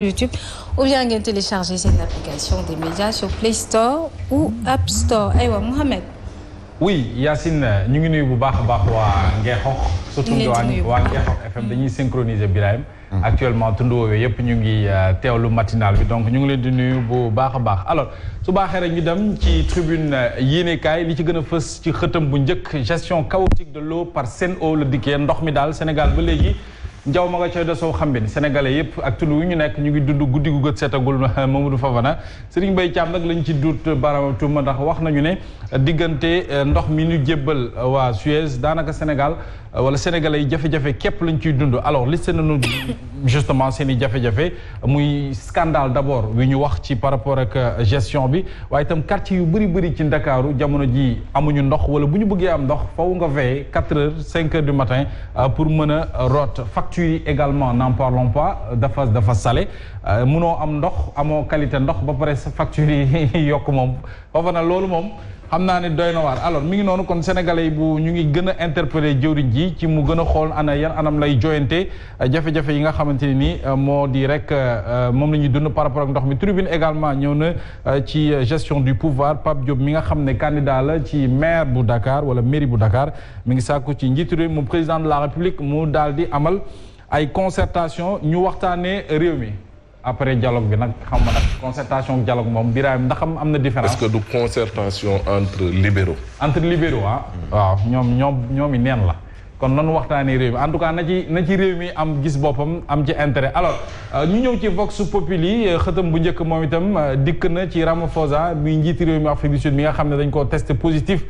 YouTube ou bien ngeen télécharger seen application des médias sur Play Store ou App Store aywa ñu ngi nuyu bu baax a baax waa Ngeexox. surtout waa Ngeexox FM mm-hmm. dañuy synchroniser Birahim. Mm-hmm. actuellement tund woowee yëpp ñu ngi euh, teewlu matinal bi donc ñu ngi leen di nuyu bu baax a baax alors su baaxee rek ñu dem ci tribune euh, yéenekaay li ci gën a fës ci xëtam bu njëkk gestion chaotique de l'eau par Sen'Eau la dikkee ndox mi daal Sénégal ba léegi. Njaw ma nga ca de soo xam ne sénégalais yëpp ak tund wu ñu nekk ñu ngi dund guddi gu gët seetagul Mamadou Fofana Serigne Mbaye Thiam nag lañ ci duut baaraam tuuma ndax wax nañu ne diggante eh, ndox mi ñu jébbal waa Suez daanaka Sénégal Euh, wala sénégalais yi jafe-jafe képp lañ ciy dund alors listé nañu justement seen i jafe-jafe muy scandale d'abord wi ñu wax ci par rapport ak euh, gestion bi waaye tam quartier yu bëri bëri ci ndakaaru jamono ji amuñu ndox wala bu ñu bëggee am ndox faw nga veillé quatre heures cinq heures du matin euh, pour mën a root facture yi également n'en parlons pas dafa dafa salé munoo am ndox amoo qualité ndox ba pare sa facture yi yokk moom foofa na loolu moom xam naa ne doy na waar alors ngi noonu kon sénégalais bu ñu ngi gën a interpellé jëwriñ ji ji ci mu gën a xool ana yan anam lay joyante jafe-jafe yi nga xamante ne ni euh, moo di rek euh, moom la ñuy dund par rapport ak ndox mi tribune également ñëw na euh, ci gestion du pouvoir Pape Diop mi nga xam ne candidat la ci maire bu Dakar wala mairie bu Dakar mi ngi sàkku ci njiitu réew mu président de la République mu daal di amal ay concertation ñu waxtaanee réew mi après dialogue bi nag xam ma nag concertation ak moom Birahim ndax am na différence. est-ce que du concertation entre libéraux. entre ah. mm. waaw ñoom ñoom ñoom i neen la. kon nanu waxtaanee réew mi en tout cas na ci na ci réew mi am gis boppam am ci intérêt alors euh, ñu ñëw ci Vox Populi euh, xëtam bu njëkk moom itam euh, dikk na ci Ramaphosa bi njiiti réew mi Afrique bi Sud mi nga xam ne dañ koo testé positif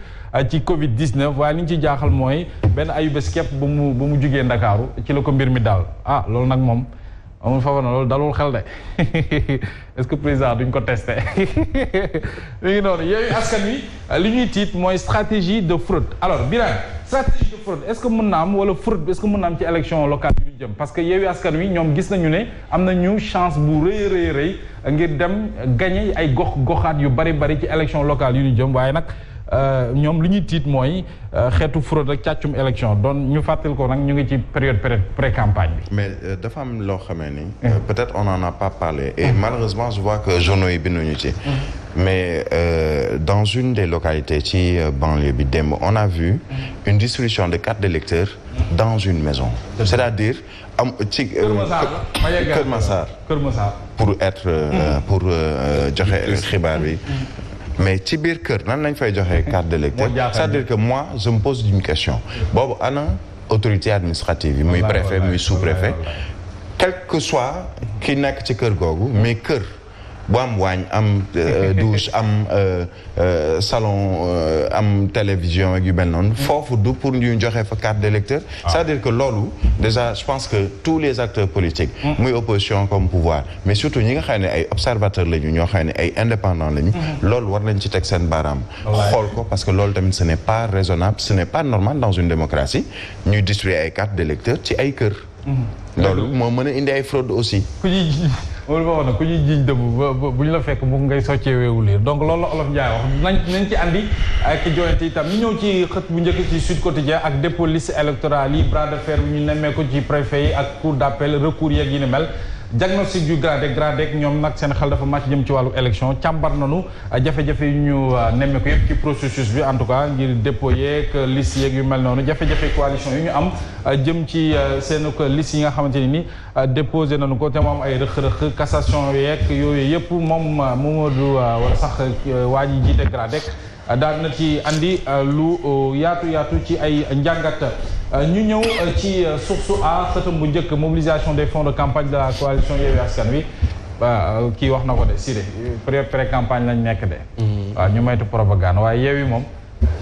ci Covid 19 waaye li ñu ci jaaxal mooy benn ayubés képp ba mu bu mu jugee Ndakaaru ci la ko mbir mi daal ah loolu nag moom amul foofa na loolu dalul xel de est-ce que président duñ ko testé mi ngi li ñuy tiit mooy stratégie de fraude alors Birane stratégie de fraude est-ce que mën na am wala fraude bi est-ce que mën na am ci élection locale yi jëm parce que Yewwi Askan Wi ñoom gis nañu ne am nañu chance bu rëy rëy rëy ngir dem gagné ay gox goxaat yu bari bari ci élection locale yu ñu jëm waaye nag euh, ñoom lu ñuy tiit mooy euh, xeetu fraude ak càccum élection doon ñu fàttali ko nag ñu ngi ci période pré campagne bi. mais euh, dafa am loo xamee ni. Eh. peut-être on en a pas parlé. et eh. malheureusement je yi binduñu ci. Eh. mais euh, dans une des localités ci euh, banlieue bi démb on a vu une distribution de cartes de lecteurs dans une maison c'est-à-dire am ci euh, Kër Massar pour être euh, mm. pour euh, joxe xibaar bi mm. mais ci biir kër nan lañ fay joxe carte de lecteur c'est-à-dire que moi je me pose une question boobu ana autorité administrative yi muy préfet muy sous-préfet quel que soit ki nekk ci kër googu mais kër bu am waañ euh, am douche am euh, euh, salon am télévision ak yu mel noonu mm. foofu du pour ñu joxe fa carte d'électeur ah. c'est-à-dire que loolu déjà je pense que tous les acteurs politiques mm. muy opposition comme pouvoir mais surtout ñi nga xam ne ay observateurs lañu ñoo xam ne ay indépendants lañu mm. loolu war nañ ci teg seen baaraam xool ko parce que loolu tamit ce n'est pas raisonnable ce n'est pas normal dans une démocratie ñuy distribuer ay carte d'électeur ci ay kër loolu moo mën a indi ay fraude aussi loolu moo wax na ku ñuy jiiñ dëbb bu ñu la fekk mu ngay soccee weewu liir donc loolu la olof Ndiaye wax nañ nañ ci andi ak joyante itam ñu ñëw ci xët bu njëkk ci Sud Quotidien ak dépôt liste yi bras de fer bi ñu nemmee ko ci préfet yi ak cour d'appel recours yeeg yi ni mel diagnostic yu gradé gradé ñoom nag seen xel dafa màcc jëm ci wàllu élection càmbar nañu euh, jafe-jafe yu ñu euh, nemme ko ci processus bi en tout cas ngir dépôt yeeg liste yeeg yu mel noonu jafe-jafe coalition yu ñu am euh, jëm ci seen ko yi nga xamante ni ni déposé nañu ko te mu am ay rëq-rëq cassation yeeg yooyu yëpp moom Mamadou wala sax waa ji jiite gradé daal na ci andi euh, lu euh, yaatu yaatu ci ay njàngat euh, ñu ñëw ci source a xëtam bu njëkk mobilisation des fonds de campagne de la coalition Yewwi Askan Wi kii wax na ko de Siré pré pré campagne lañ nekk de mhm. waaw ñu maytu propagande waaye Yewwi moom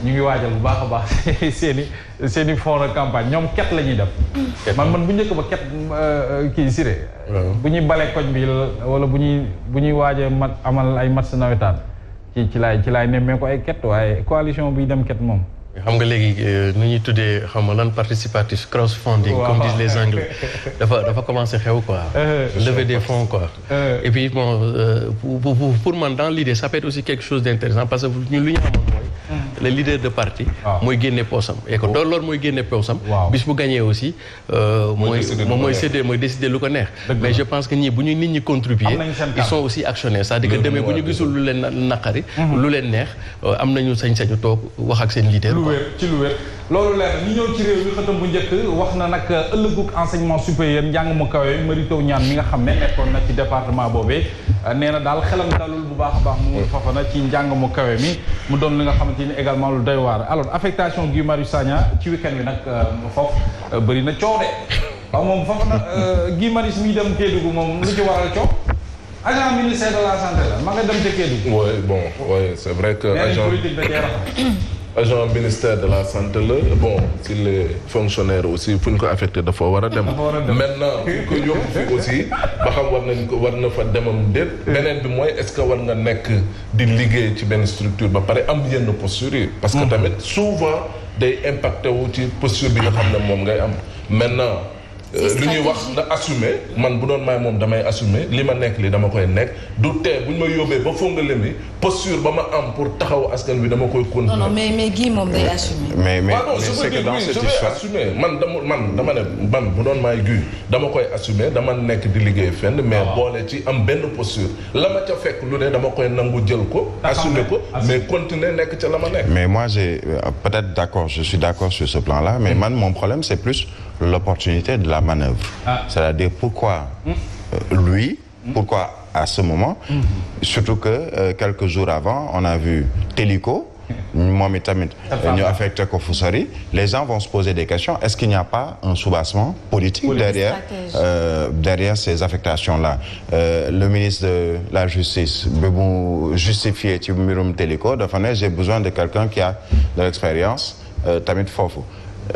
ñu ngi waajal bu baax a baax seen i seen i fonds campagne ñoom ket la ñuy def man man bu njëkk ba ket kii Siré bu ñuy bale koñ bi wala bu ñuy bu ñuy waajee mat amal ay match nawetaan ci ci laay ci laay nemmee ko ay ket waaye coalition buy dem ket moom. xam nga léegi euh, nu ñuy tuddee xam nga lan participatif cross funding. comme disent les anglais dafa dafa commencé xew quoi. Euh, lever des fonds quoi. Euh. et puis bon pour man dans l'idée ça peut être aussi quelque chose d'intéressant parce que ñun lu ñu xamoon mooy. Hmm. le leader de parti. mooy génne poosam et que loolu mooy génne poosam. bis bu gagné aussi. Euh, mooy mooy séddee mooy décider lu ko neex. mais je pense que ñii bu ñu nit ñi contribuer ils sont aussi actionnaires cest à bu ñu gisul lu leen naqari. Mhm. lu leen neex euh, am nañu sañ-sañu toog wax ak seen leader. lu wér loolu leer ñi ñëw ci réew mi xëtam bu njëkk wax na nag ëllëgug enseignement supérieur njàng mu kawe Mary Teuw Niane nga xam ne nekkoon na ci département boobee euh, nee a baax mu également lu doy waar alors affectation Guy Marius Sagna ci week-end bi nag euh, foofu euh, bëri na coow de waaw moom foofu nag euh, Guy Marius miy dem Kédougou moom lu ci waral coow agent ministère de la santé ma nga dem ca Kédougou. oui bon oui c'est vrai que agent politique da cee agent ministère de la santé la bon si le fonctionnaire aussi fu ñu ko affecté dafa war a dem maintenant fu ñu ko yóbbu aussi ba xam war nañ ko war na fa demam déet beneen bi mooy est-ce que war nga nekk di liggéey ci benn structure ba pare am yenn posture parce que hmm. tamit souvent day impacté wu ci posture bi nga xam ne moom ngay am maintenant Euh, li ñuy wax na assumer man bu doon maay moom damay assume li ma nekk li dama koy nekk du tee bu ñu ma yóbbee ba fongale mi posture ba ma am pour taxaw askan bi dama koy continuer. non non mais mais Guy moom day euh, assumer. man dama man dama ne doon maay dama koy assumer dama nekk di liggéey fenn. mais ah. boole ci am benn posture. la ma ca fekk lu ne dama koy nangu jël ko. assumer ko mais continuer nekk ca la ma nekk. mais moi j'ai euh, peut-être d'accord je suis d'accord sur ce plan-là mais mm. man mon problème c'est plus l'opportunité de la manœuvre. Ah. C'est-à-dire pourquoi hmm. euh, lui, pourquoi à ce moment. Hmm. surtout que euh, quelques jours avant on a vu Télico. Hmm. moom itamit ñu affecté ko fu sori les gens vont se poser des questions est-ce qu'il n'y a pas un soubassement politique derrière euh, derrière ces affectations là euh, le ministre de la justice bi mu justifié ci mbirum Télico dafa ne j'ai besoin de quelqu'un qui a de l'expérience euh, tamit foofu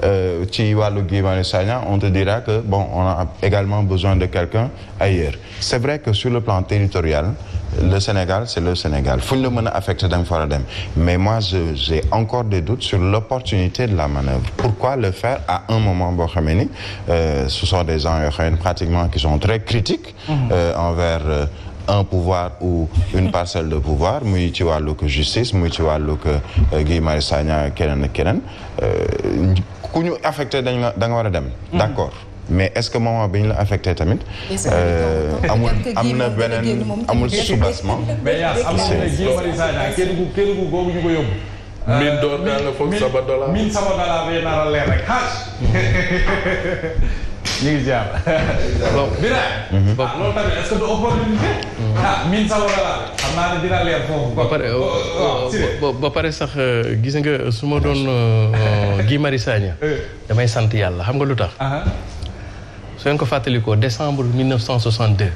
Euh, ci wàllu Guy Marius Sagna on te dira que bon on a également besoin de quelqu'un ailleurs c'est vrai que sur le plan territorial le Sénégal c'est le Sénégal fu ñu la mën a affecté da nga fa war a dem mais moi je j'ai encore des doutes sur l'opportunité de la manœuvre pourquoi le faire à un moment boo xamee ni euh, ce sont des gens yoo xam ne pratiquement qui sont très critiques mmh. euh, envers euh, un pouvoir ou une parcelle de pouvoir muy ci wàllug justice muy ci wàllug euh, Guy Marius Sagna keneen ak keneen ku ñu affecté dañ da nga war a dem. Mm-hmm. d'accord mais est-ce que moment bi ñu la affecté tamit. Euh, amul am na beneen amul soubassement. mais am na ji bari saa kenn ku kenn ku googu ñu ko yóbbu. Euh, ñu ngi ba pare sax gis nga su ma doon gii Marius Sagna. damay eh. sant yàlla xam nga lu ah, tax. Ah. su ngeen ko fàttalikoo décembre 1962.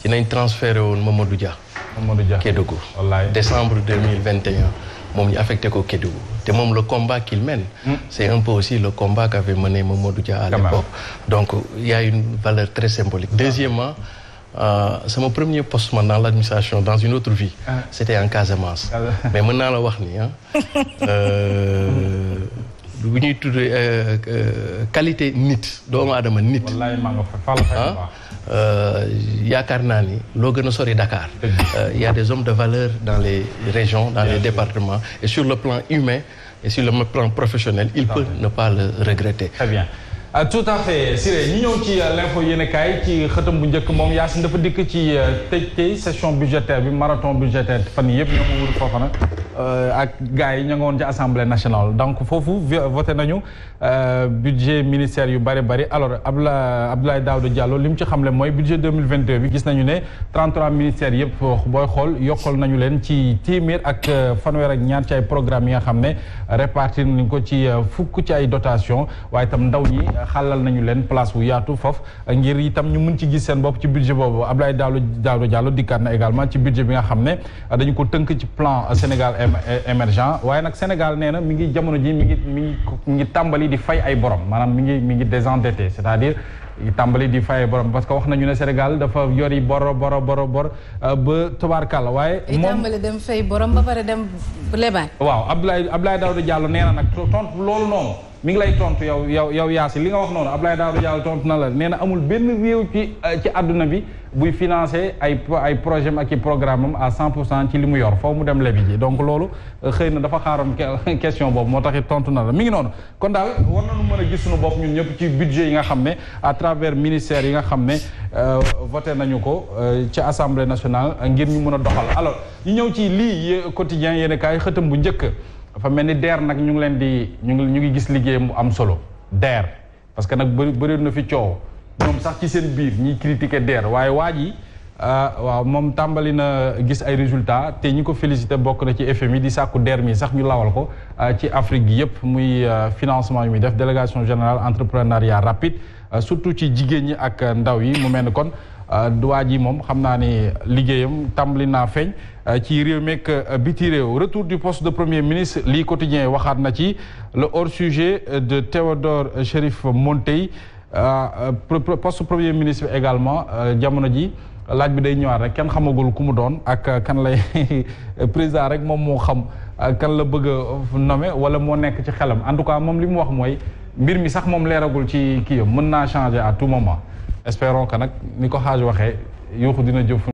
ci nañ transféré woon Mamadou Dia. Mamadou Dia Kédougou. wallaay décembre 2021. moom ñu affecté ko Kédougou te moom le combat qu'il mène mm. c'est un peu aussi le combat qu'avait mené Mamadou Dia à l'époque donc il y a une valeur très symbolique deuxièmement euh, c'est mon premier poste man dans l'administration dans une autre vie ah. c'était en Casamance ah mais mën naa la wax ni ah bu ñuy tudd euh, euh, qualité nit doomu aadama nit ah Euh, yaakaar naa ni loo gën a sori Dakar il euh, y a des hommes de valeur dans les régions dans les départements et sur le plan humain et sur le plan professionnel il peut ne pas le regretter. Très bien. Euh, tout à fait Siré ñi ñëw ci euh, l'info yéenekaay ci xëtam bu njëkk moom Yacine dafa dikk ci euh, tëj session budgétaire bi marathon budgétaire fan yii yëpp ñoo ma wut ak gars yi ña nga woon ci assemblée national donc foofu voté nañu budget ministère yu bari bari alors Abdoulaye Abdoulaye Daouda Diallo li mu ci xamle mooy budget 2022 bi gis nañu ne 33 ministères yëpp booy xool yokkal nañu leen ci téeméer ak fanweer ak ñaar ci ay programmes yi nga xam ne répartir nañu ko ci fukk ci ay dotation waaye itam ndaw ñi xàllal nañu leen place bu yaatu foofu ngir itam ñu mën ci gis seen bopp ci budget boobu Abdoulaye Daouda Daouda Diallo dikkaat na également ci budget bi nga xam ne dañu ko tënk ci plan Sénégal émergent waaye nag Sénégal nee na mi ngi jamono ji mi ngi mi ngi ngi tàmbali di fay ay borom maanaam mi ngi mi ngi désendetté c'est-à-dire tàmbali di fay borom parce que wax nañu ne Sénégal dafa yori boro boro boro bor euh, ba tubaarkàlla waaye. moom tàmbali dem fay borom ba pare dem lebaat. waaw Abdoulaye Abdoulaye Daouda Diallo nee na nag loolu noonu. mi ngi lay tontu yow yow yow Yacine li nga wax noonu Abdoulaye Daouda Diallo tontu na la nee na amul benn réew ci euh, ci àdduna bi buy financé ay ay projet am ak i programme am à 100 pour cent ci li mu yor foofu mu dem lebi ji donc loolu euh, xëy na dafa xaaroon question boobu moo taxit tontu na la mi ngi noonu. kon daal war nañu mën a gis suñu bopp ñun ñëpp ci budget yi nga xam ne à travers ministère yi nga xam ne euh, voté nañu ko ci assemblée nationale ngir ñu mën a doxal alors ñu ñëw ci lii quotidien yéen a kaay xëtam bu njëkk. dafa mel ni DER nag ñu ngi leen di ñu ngi ñu ngi gis liggéey mu am solo DER parce que nag bëri bëri na fi coow ñoom sax ci seen biir ñiy critiquer DER waaye waa ji euh, waaw moom tàmbali na gis ay résultats te ñi ko félicité bokk na ci FMI di sàkku DER mi sax ñu lawal ko euh, ci Afrique gi yëpp muy euh, financement yu muy def délégation général entrepreneuriat rapide surtout ci jigéen ñi ak ndaw yi mu mel ni kon. Euh, duwaa jii moom xam naa ni liggéeyam tàmbali naa feeñ euh, ci réew meek euh, biti réew retour du poste de premier ministre lii quotidien waxaat na ci le hors sujet de Théodore Chérif Montey poste premier ministre également jamono ji laaj bi day ñëwaat rek kenn xamagul ku mu doon ak kan lay président rek moom moo xam kan la bëgg a nommer wala moo nekk ci xelam en tout cas moom li mu wax mooy mbir mi sax moom leeragul ci kii mën naa changer à tout moment espérons que nag ni ko xaaj waxee yuuxu dina jëf